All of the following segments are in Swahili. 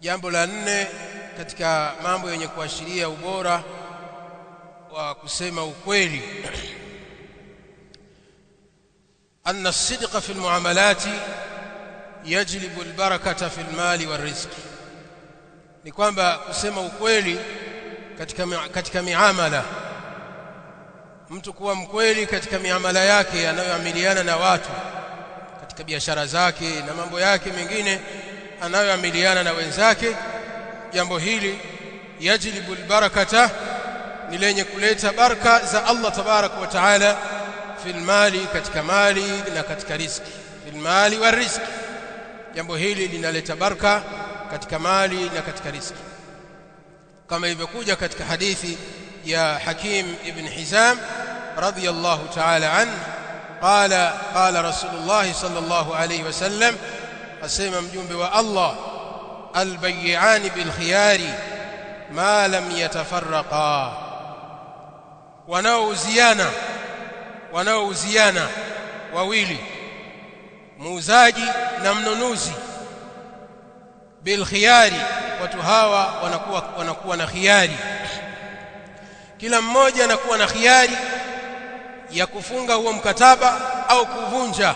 jambo la nne katika mambo yenye kuashiria ubora wa kusema ukweli أن sidqa fi المعاملات yajlibu البركة fi المال والرزق ni kwamba kusema ukweli katika katika miamala mtu kuwa mkweli katika miamala yake anayoamiliana na watu katika biashara zake na mambo yake mengine anayoamiliana na wenzake jambo hili yajlibul barakata ni lenye kuleta baraka za Allah tabarak wa taala fil mali katika mali na katika riziki fil mali wa riziki jambo hili linaleta baraka katika mali na katika riziki kama ilivyokuja katika hadithi ya Hakim ibn Hizam radiyallahu ta'ala an qala qala rasulullah sallallahu alayhi wasallam asema mjumbe wa Allah albayiani bilkhiyari ma lam yatafarraqa wanaouziana wanaouziana wawili muuzaji na mnunuzi bilkhiyari watu hawa wanakuwa wanakuwa na khiyari kila mmoja anakuwa na khiyari ya kufunga huo mkataba au kuvunja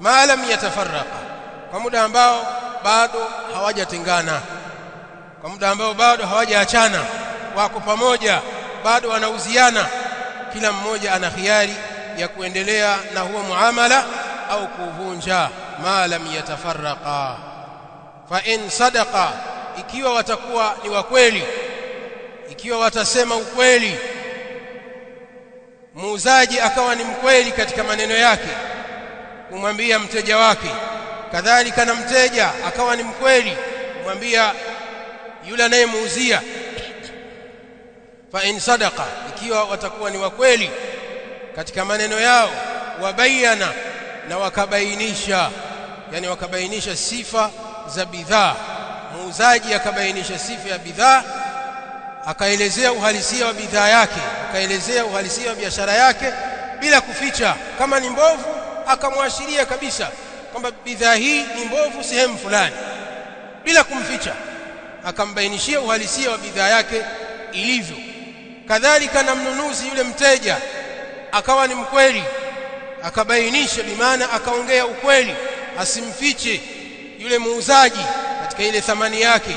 ma lam yatafarraqa kwa muda ambao bado hawajatengana, kwa muda ambao bado hawajaachana, wako pamoja, bado wanauziana. Kila mmoja ana hiari ya kuendelea na huo muamala au kuvunja. ma lam yatafarraqa fa in sadaqa, ikiwa watakuwa ni wakweli, ikiwa watasema ukweli, muuzaji akawa ni mkweli katika maneno yake kumwambia mteja wake kadhalika na mteja akawa ni mkweli kumwambia yule anayemuuzia fa in sadaqa ikiwa watakuwa ni wakweli katika maneno yao wabayana na wakabainisha yani wakabainisha sifa za bidhaa muuzaji akabainisha sifa ya bidhaa akaelezea uhalisia wa bidhaa yake akaelezea uhalisia wa biashara yake bila kuficha kama ni mbovu akamwashiria kabisa kwamba bidhaa hii ni mbovu sehemu fulani bila kumficha akambainishia uhalisia wa bidhaa yake ilivyo kadhalika na mnunuzi yule mteja akawa ni mkweli akabainisha bimaana akaongea ukweli asimfiche yule muuzaji katika ile thamani yake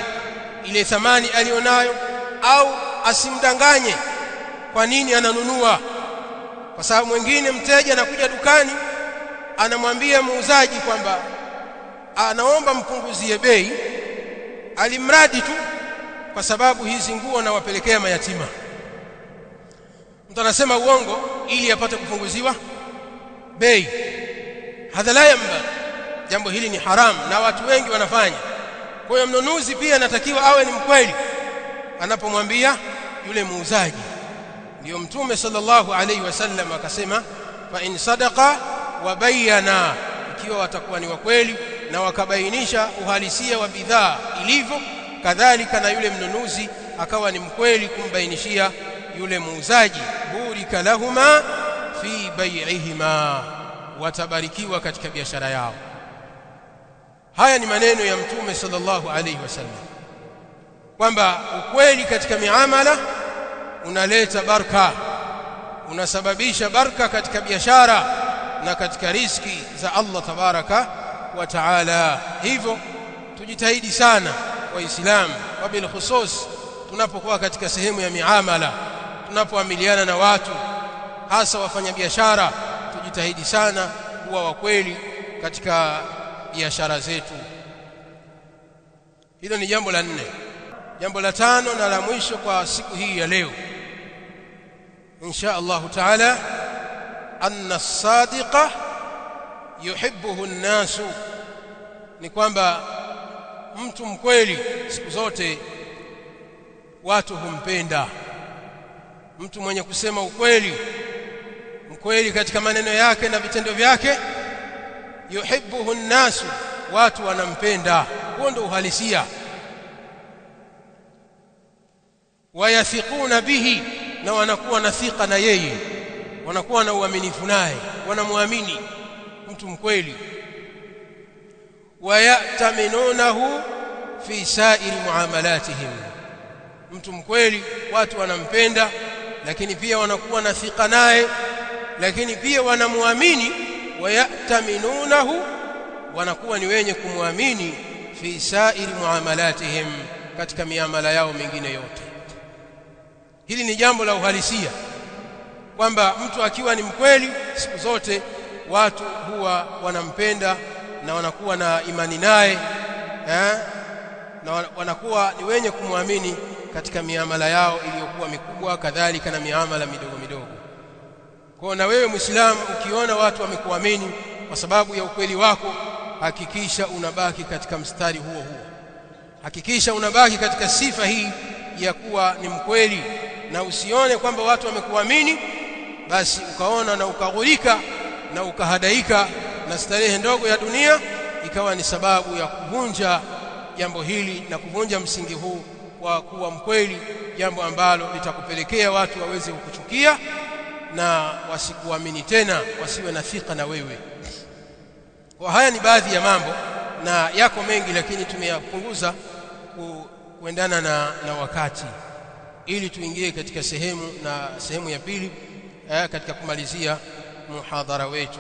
ile thamani alionayo au asimdanganye kwa nini ananunua kwa sababu mwingine mteja anakuja dukani anamwambia muuzaji kwamba anaomba mpunguzie bei alimradi tu kwa sababu hizi nguo nawapelekea mayatima mtu anasema uongo ili apate kupunguziwa bei hadha la yamba jambo hili ni haramu na watu wengi wanafanya kwa hiyo mnunuzi pia anatakiwa awe ni mkweli anapomwambia yule muuzaji ndio mtume sallallahu alaihi wasallam akasema fa in sadaqa wabayana, ikiwa watakuwa ni wakweli na wakabainisha uhalisia wa bidhaa ilivyo, kadhalika na yule mnunuzi akawa ni mkweli kumbainishia yule muuzaji. burika lahuma fi bai'ihima, watabarikiwa katika biashara yao. Haya ni maneno ya Mtume sallallahu alaihi wasallam kwamba ukweli katika miamala unaleta baraka, unasababisha baraka katika biashara na katika riski za Allah tabaraka wa taala. Hivyo tujitahidi sana Waislamu, bil khusus tunapokuwa katika sehemu ya miamala, tunapoamiliana na watu, hasa wafanyabiashara, tujitahidi sana kuwa wakweli katika biashara zetu. Hilo ni jambo la nne. Jambo la tano na la mwisho kwa siku hii ya leo, insha Allahu taala anna الصادق يحبه nnasu ni kwamba mtu mkweli siku zote watu humpenda mtu mwenye kusema ukweli mkweli katika maneno yake na vitendo vyake yuhibbuhu nnasu watu wanampenda huo ndio uhalisia wayathiquna bihi na wanakuwa na thika na yeye wanakuwa na uaminifu naye wanamwamini mtu mkweli wayataminunahu fi sairi muamalatihim mtu mkweli watu wanampenda lakini pia wanakuwa na thika naye lakini pia wanamwamini wayataminunahu wanakuwa ni wenye kumwamini fi sairi muamalatihim katika miamala yao mingine yote hili ni jambo la uhalisia kwamba mtu akiwa ni mkweli siku zote watu huwa wanampenda na wanakuwa na imani naye eh? na wanakuwa ni wenye kumwamini katika miamala yao iliyokuwa mikubwa kadhalika na miamala midogo midogo kwa na wewe Muislamu ukiona watu wamekuamini kwa sababu ya ukweli wako hakikisha unabaki katika mstari huo huo hakikisha unabaki katika sifa hii ya kuwa ni mkweli na usione kwamba watu wamekuamini basi ukaona na ukaghurika na ukahadaika na starehe ndogo ya dunia ikawa ni sababu ya kuvunja jambo hili na kuvunja msingi huu wa kuwa mkweli jambo ambalo litakupelekea watu waweze kukuchukia na wasikuamini tena wasiwe na thika na wewe kwa haya ni baadhi ya mambo na yako mengi lakini tumeyapunguza kuendana na, na wakati ili tuingie katika sehemu na sehemu ya pili Eh, katika kumalizia muhadhara wetu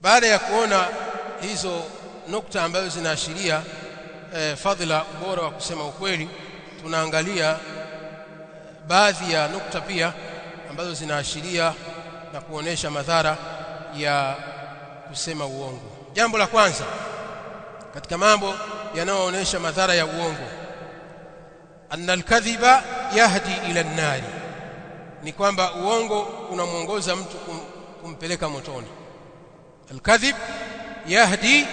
baada ya kuona hizo nukta ambazo zinaashiria eh, fadhila ubora wa kusema ukweli tunaangalia eh, baadhi ya nukta pia ambazo zinaashiria na kuonesha madhara ya kusema uongo jambo la kwanza katika mambo yanayoonesha madhara ya uongo anna alkadhiba yahdi ila nari ni kwamba uongo unamwongoza mtu kum, kumpeleka motoni alkadhib yahdi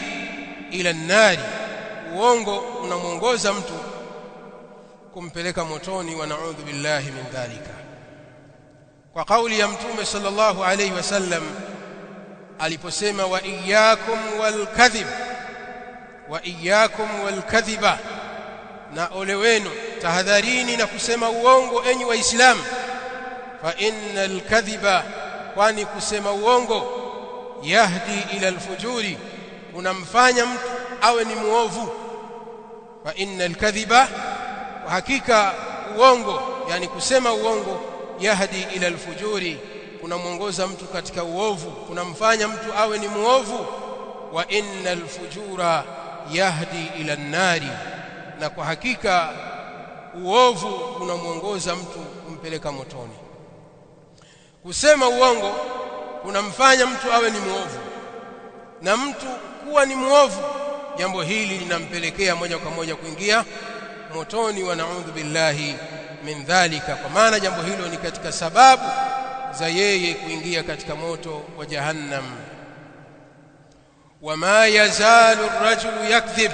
ila nnari uongo unamwongoza mtu kumpeleka motoni wa naudhu billahi min dhalika kwa kauli ya mtume sallallahu alayhi wasallam aliposema wa iyyakum kadhib wa iyyakum kadhiba na ole wenu tahadharini na kusema uongo enyi waislamu fa inna alkadhiba kwani kusema uongo yahdi ila alfujuri unamfanya mtu awe ni muovu fa inna kadhiba hakika uongo yani kusema uongo yahdi ila alfujuri kunamwongoza mtu katika uovu kunamfanya mtu awe ni muovu wa inna fujura yahdi ila nari na kwa hakika uovu unamuongoza mtu kumpeleka motoni Kusema uongo kunamfanya mtu awe ni mwovu, na mtu kuwa ni mwovu, jambo hili linampelekea moja kwa moja kuingia motoni, wa naudhu billahi min dhalika, kwa maana jambo hilo ni katika sababu za yeye kuingia katika moto wa Jahannam. Wama yazalu rajulu yakdhib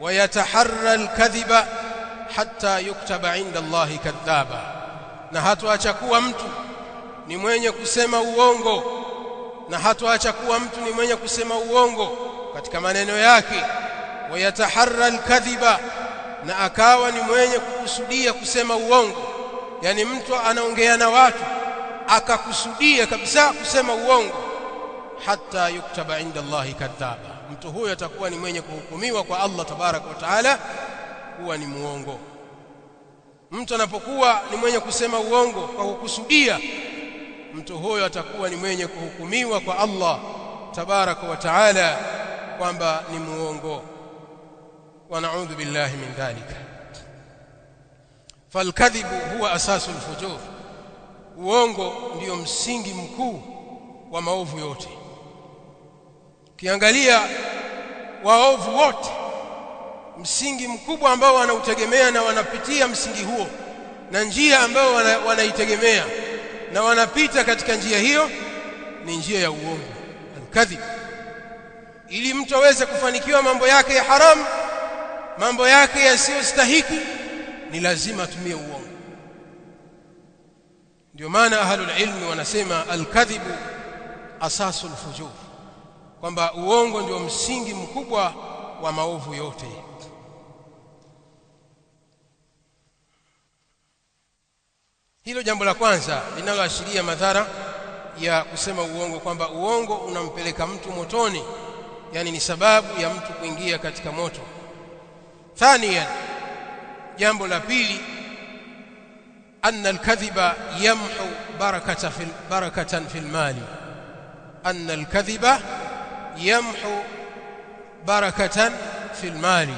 wa yataharra alkadhiba hatta yuktaba inda Allahi kadhaba, na hatuachakuwa kuwa mtu ni mwenye kusema uongo na hatoacha kuwa mtu ni mwenye kusema uongo katika maneno yake wayataharra alkadhiba na akawa ni mwenye kukusudia kusema uongo yani mtu anaongea na watu akakusudia kabisa kusema uongo hata yuktaba inda Allahi kadhaba mtu huyo atakuwa ni mwenye kuhukumiwa kwa Allah tabaraka wa taala kuwa ni muongo mtu anapokuwa ni mwenye kusema uongo kwa kukusudia mtu huyo atakuwa ni mwenye kuhukumiwa kwa Allah tabaraka wa taala kwamba ni muongo wa naudhu billahi min dhalika falkadhibu huwa asasu alfujur uongo ndiyo msingi mkuu wa maovu yote kiangalia waovu wote msingi mkubwa ambao wanautegemea na wanapitia msingi huo na njia ambayo wanaitegemea wana na wanapita katika njia hiyo ni njia ya uongo alkadhib ili mtu aweze kufanikiwa mambo yake ya haramu mambo yake yasiyostahiki ni lazima atumie uongo ndio maana ahlul ilmi wanasema alkadhibu asasul fujur kwamba uongo ndio msingi mkubwa wa maovu yote Hilo jambo la kwanza linaloashiria madhara ya kusema uongo, kwamba uongo unampeleka mtu motoni, yani ni sababu ya mtu kuingia katika moto. Thaniyan, jambo la pili, anna alkadhiba yamhu barakata fil, barakatan fil mali, anna alkadhiba yamhu barakatan fil mali,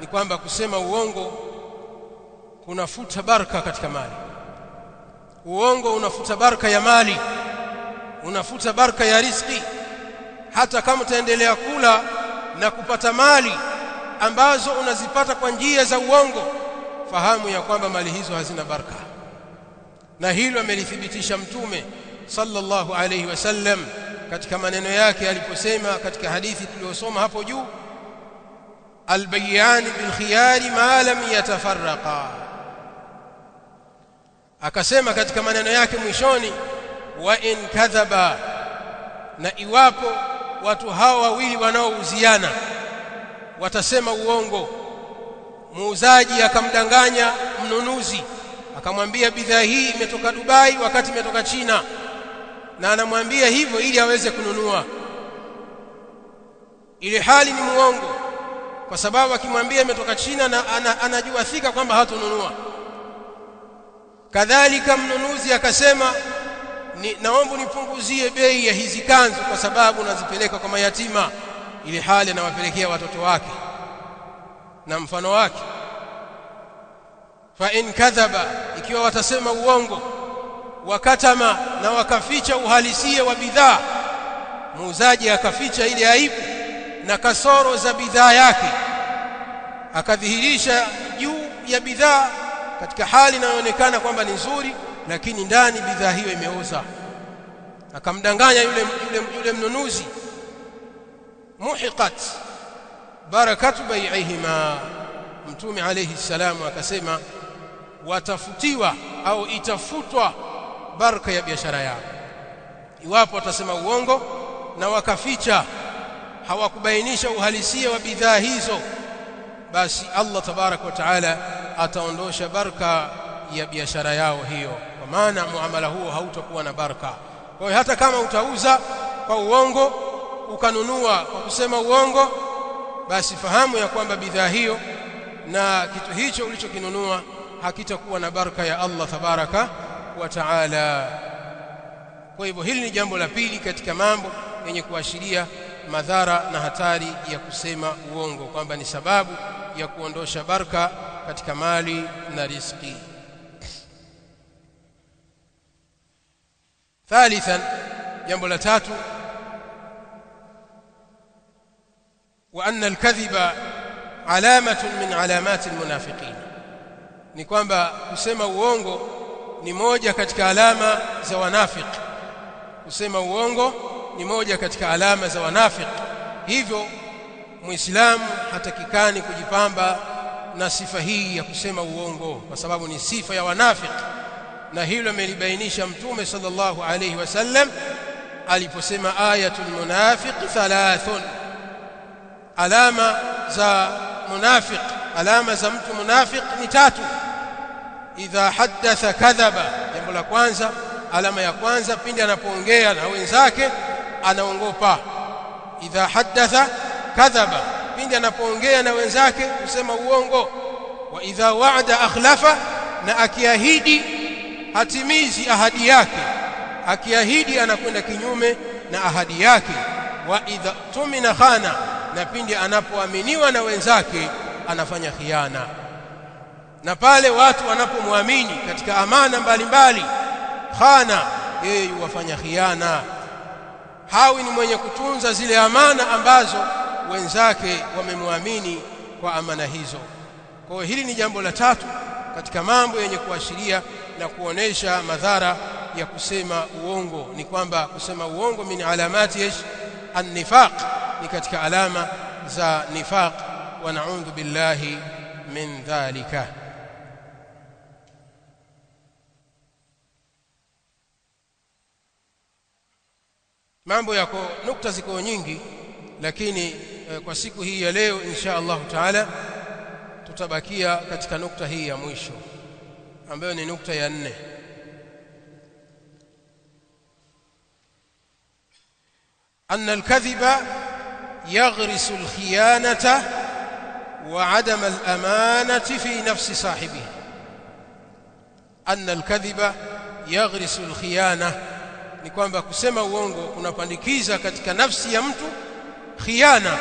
ni kwamba kusema uongo kunafuta baraka katika mali uongo unafuta baraka ya mali unafuta baraka ya riziki hata kama utaendelea kula na kupata mali ambazo unazipata kwa njia za uongo fahamu ya kwamba mali hizo hazina baraka na hilo amelithibitisha mtume sallallahu alayhi wasallam katika maneno yake aliposema katika hadithi tuliyosoma hapo juu albayani bilkhiyari ma lam yatafarraqa akasema katika maneno yake mwishoni wa in kadhaba na iwapo watu hao wawili wanaouziana watasema uongo muuzaji akamdanganya mnunuzi akamwambia bidhaa hii imetoka Dubai wakati imetoka China na anamwambia hivyo ili aweze kununua ili hali ni muongo kwa sababu akimwambia imetoka China na anajua ana, ana, ana, thika kwamba hatununua kadhalika mnunuzi akasema ni, naomba nipunguzie bei ya hizi kanzu kwa sababu nazipeleka kwa mayatima ili hali anawapelekea watoto wake na mfano wake fa in kadhaba ikiwa watasema uongo wakatama na wakaficha uhalisia wa bidhaa muuzaji akaficha ile aibu na kasoro za bidhaa yake akadhihirisha juu ya bidhaa katika hali inayoonekana kwamba ni nzuri lakini ndani bidhaa hiyo imeoza akamdanganya yule yule, yule mnunuzi muhiqat barakatu bai'ihima mtume alayhi salamu akasema watafutiwa au itafutwa baraka ya biashara yao iwapo watasema uongo na wakaficha hawakubainisha uhalisia wa bidhaa hizo basi Allah tabarak wa taala ataondosha baraka ya biashara yao hiyo, kwa maana muamala huo hautakuwa na baraka. Kwa hiyo hata kama utauza kwa uongo ukanunua kwa kusema uongo, basi fahamu ya kwamba bidhaa hiyo na kitu hicho ulichokinunua hakitakuwa na baraka ya Allah tabaraka wa taala. Kwa hivyo hili ni jambo la pili katika mambo yenye kuashiria madhara na hatari ya kusema uongo kwamba ni sababu ya kuondosha baraka katika mali na riziki thalithan jambo la tatu wa anna alkadhiba alamatun min alamati almunafiqin ni kwamba kusema uongo ni moja katika alama za wanafiki kusema uongo ni moja katika alama za wanafiki hivyo muislamu hatakikani kujipamba na sifa hii ya kusema uongo kwa sababu ni sifa ya wanafiki na hilo amelibainisha mtume sallallahu alayhi wasallam aliposema ayatul munafiq thalathun alama za munafiq alama za mtu munafiq ni tatu idha hadatha kadhaba jambo la kwanza alama ya kwanza pindi anapoongea na wenzake anaongopa idha hadatha kadhaba pindi anapoongea na wenzake husema uongo wa idha wa'ada akhlafa na akiahidi hatimizi ahadi yake akiahidi anakwenda kinyume na ahadi yake wa idha tumina khana na pindi anapoaminiwa na wenzake anafanya khiana na pale watu wanapomwamini katika amana mbalimbali mbali, khana yeye huwafanya khiana hawi ni mwenye kutunza zile amana ambazo wenzake wamemwamini kwa amana hizo. Kwa hiyo hili ni jambo la tatu katika mambo yenye kuashiria na kuonesha madhara ya kusema uongo, ni kwamba kusema uongo min alamati an-nifaq ni katika alama za nifaq. Wa naudhu billahi min dhalika. mambo yako nukta ziko nyingi lakini eh, kwa siku hii ya leo insha Allah taala tutabakia katika nukta hii ya mwisho ambayo ni nukta ya nne أن الكذب يغرس الخيانة وعدم الأمانة في نفس صاحبه أن الكذب يغرس الخيانة ni kwamba kusema uongo kunapandikiza katika nafsi ya mtu khiana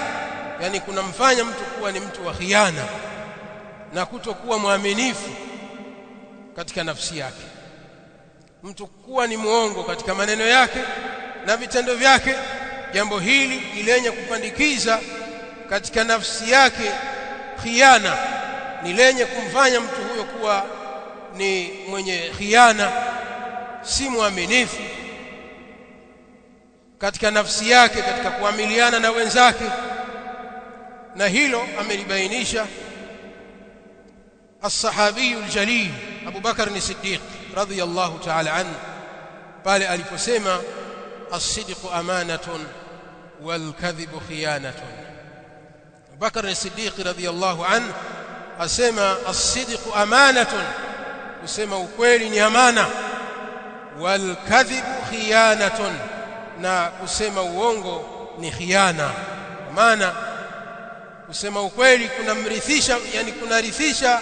yani kunamfanya mtu kuwa ni mtu wa khiana na kutokuwa mwaminifu katika nafsi yake mtu kuwa ni muongo katika maneno yake na vitendo vyake jambo hili lenye kupandikiza katika nafsi yake khiana ni lenye kumfanya mtu huyo kuwa ni mwenye khiana si mwaminifu katika nafsi yake katika kuamiliana na wenzake na hilo amelibainisha الصحابي الجليل أبو بكر الصديق رضي الله تعالى عنه قال ألفسما الصدق أمانة والكذب خيانة بكر الصديق رضي الله عنه أسما الصدق أمانة أسما وكويل أمانة والكذب خيانة na kusema uongo ni khiana maana kusema ukweli kunamrithisha yani kunarithisha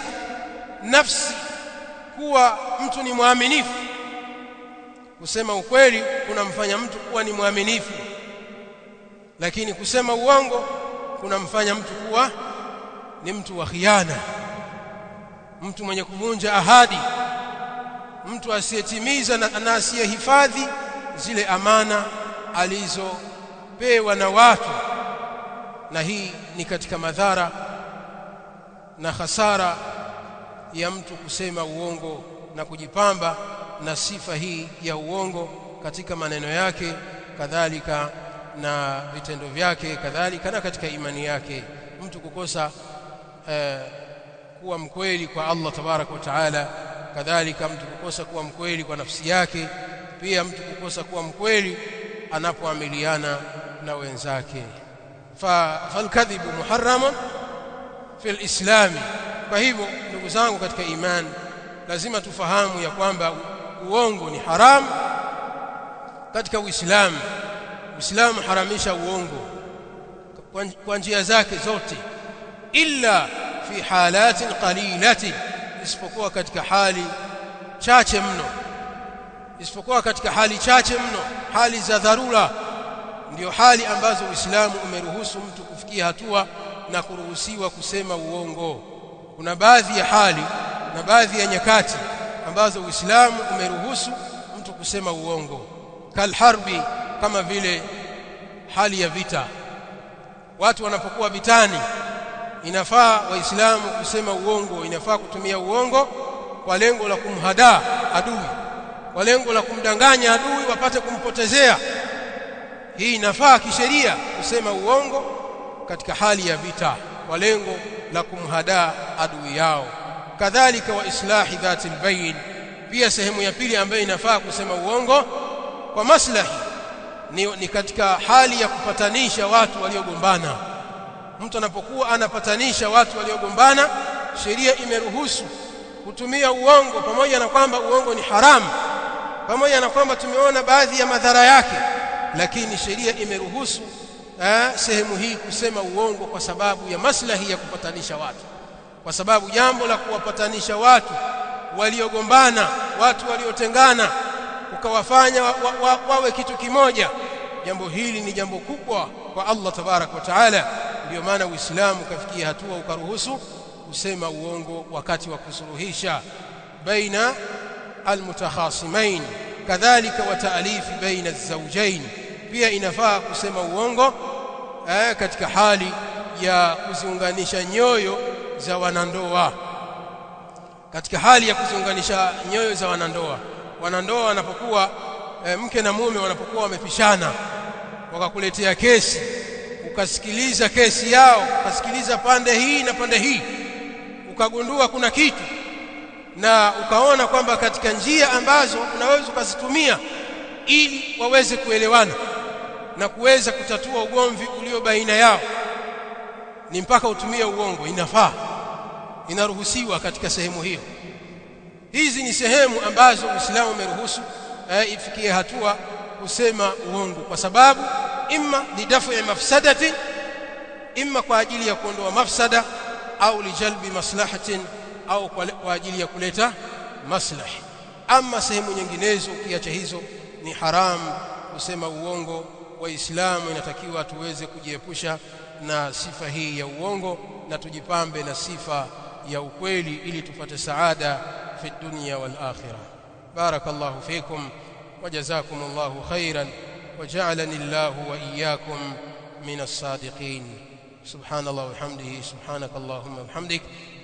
nafsi kuwa mtu ni mwaminifu kusema ukweli kunamfanya mtu kuwa ni mwaminifu lakini kusema uongo kunamfanya mtu kuwa ni mtu wa khiana mtu mwenye kuvunja ahadi mtu asiyetimiza na, na asiyehifadhi zile amana alizopewa na watu, na hii ni katika madhara na hasara ya mtu kusema uongo na kujipamba na sifa hii ya uongo katika maneno yake, kadhalika na vitendo vyake, kadhalika na katika imani yake, mtu kukosa eh, kuwa mkweli kwa Allah tabaraka wa taala, kadhalika mtu kukosa kuwa mkweli kwa nafsi yake, pia mtu kukosa kuwa mkweli anapoamiliana na wenzake falkadhibu muharramun fil islami kwa hivyo ndugu zangu katika imani lazima tufahamu ya kwamba uongo ni haramu katika uislamu uislamu haramisha uongo kwa njia zake zote illa fi halatin qalilati isipokuwa katika hali chache mno isipokuwa katika hali chache mno hali za dharura ndio hali ambazo Uislamu umeruhusu mtu kufikia hatua na kuruhusiwa kusema uongo kuna baadhi ya hali na baadhi ya nyakati ambazo Uislamu umeruhusu mtu kusema uongo kalharbi kama vile hali ya vita watu wanapokuwa vitani inafaa waislamu kusema uongo inafaa kutumia uongo kwa lengo la kumhadaa adui kwa lengo la kumdanganya adui wapate kumpotezea hii inafaa kisheria kusema uongo katika hali ya vita kwa lengo la kumhadaa adui yao kadhalika wa islahi dhati albayn pia sehemu ya pili ambayo inafaa kusema uongo kwa maslahi ni, ni katika hali ya kupatanisha watu waliogombana mtu anapokuwa anapatanisha watu waliogombana sheria imeruhusu kutumia uongo pamoja na kwamba uongo ni haramu pamoja na kwamba tumeona baadhi ya madhara yake lakini sheria imeruhusu eh, sehemu hii kusema uongo kwa sababu ya maslahi ya kupatanisha watu kwa sababu jambo la kuwapatanisha watu waliogombana watu waliotengana ukawafanya wa, wa, wa, wawe kitu kimoja jambo hili ni jambo kubwa kwa Allah tabarak wa taala ndio maana Uislamu ukafikia hatua ukaruhusu kusema uongo wakati wa kusuluhisha baina almutakhasimain kadhalika wa taalifi baina alzawjain pia inafaa kusema uongo eh, katika hali ya kuziunganisha nyoyo za wanandoa katika hali ya kuziunganisha nyoyo za wanandoa wanandoa wanapokuwa e, mke na mume wanapokuwa wamepishana wakakuletea kesi ukasikiliza kesi yao ukasikiliza pande hii na pande hii ukagundua kuna kitu na ukaona kwamba katika njia ambazo unaweza ukazitumia ili waweze kuelewana na kuweza kutatua ugomvi ulio baina yao ni mpaka utumie uongo inafaa inaruhusiwa katika sehemu hiyo hizi ni sehemu ambazo Uislamu umeruhusu eh, ifikie hatua kusema uongo kwa sababu imma ya mafsadati imma kwa ajili ya kuondoa mafsada au lijalbi maslahatin au kwa, ajili ya kuleta maslahi ama sehemu nyinginezo ukiacha hizo ni haramu kusema uongo waislamu inatakiwa tuweze kujiepusha na sifa hii ya uongo na tujipambe na sifa ya ukweli ili tupate saada fi dunya wal akhirah barakallahu fikum وجزاكم الله خيرا وجعلني الله واياكم من الصادقين سبحان الله وبحمده سبحانك اللهم وبحمدك